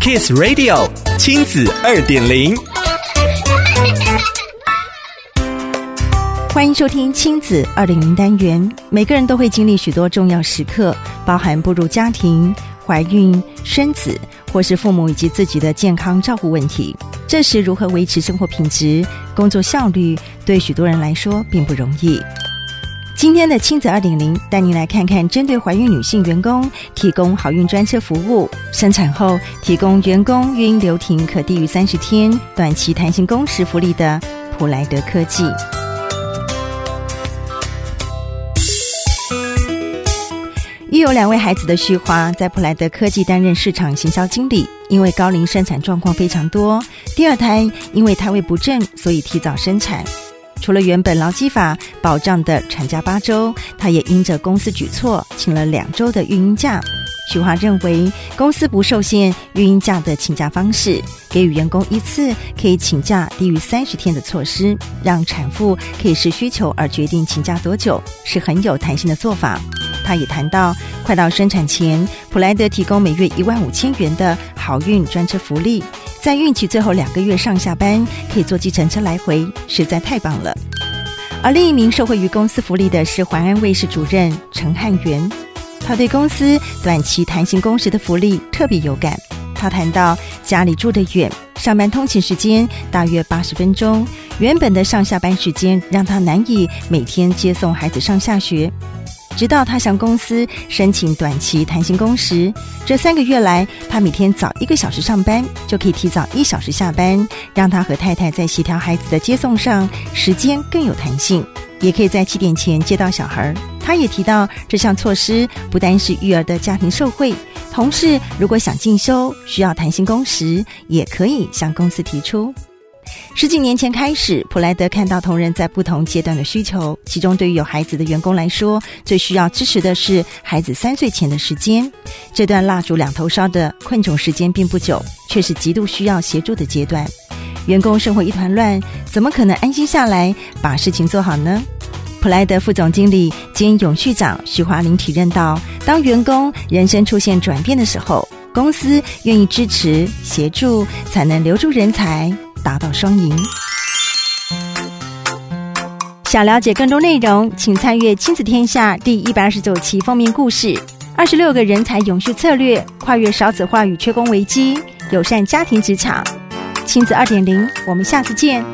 Kiss Radio 親子二點零，歡迎收聽親子二點零單元。每個人都會經歷許多重要時刻，包含步入家庭、懷孕、生子，或是父母以及自己的健康照顧問題。這時如何維持生活品質、工作效率，對許多人來說並不容易。今天的親子二點零帶您來看看，針對懷孕女性員工提供好孕專車服務，生產後提供員工育嬰留停可低於三十天、短期彈性工時福利的普萊德科技。育有兩位孩子的旭華在普萊德科技擔任市場行銷經理，因為高齡生產狀況非常多，第二胎因為胎位不正，所以提早生產。除了原本勞基法保障的產假八周，她也因着公司舉措，請了兩周的育嬰假。徐華認為，公司不受限育嬰假的請假方式，給予員工一次可以請假低於三十天的措施，讓產婦可以視需求而決定請假多久，是很有彈性的做法。他也談到，快到生產前，普萊德提供每月一萬五千元的好孕專車福利。在孕期最後兩個月，上下班可以坐計程車來回，實在太棒了。而另一名受惠於公司福利的是環安衛生主任陳漢元，他對公司短期彈性工時的福利特別有感。他談到家裡住得遠，上班通勤時間大約八十分鐘，原本的上下班時間讓他難以每天接送孩子上下學。直到他向公司申請短期彈性工時，這三個月來，他每天早一個小時上班，就可以提早一小時下班，讓他和太太在協調孩子的接送上時間更有彈性，也可以在七點前接到小孩。他也提到，這項措施不單是育兒的家庭受惠，同事如果想進修需要彈性工時，也可以向公司提出。十幾年前開始，普萊德看到同仁在不同階段的需求，其中對於有孩子的員工來說，最需要支持的是孩子三歲前的時間。這段蠟燭兩頭燒的困窘時間並不久，卻是極度需要協助的階段。員工生活一團亂，怎麼可能安心下來把事情做好呢？普萊德副總經理兼永續長徐華玲體認到，當員工人生出現轉變的時候，公司願意支持協助，才能留住人才。達到雙贏。想了解更多內容，請參閱《親子天下》第一百二十九期封面故事：二十六個人才永續策略，跨越少子化與缺工危機，友善家庭職場，親子二點零。我們下次見。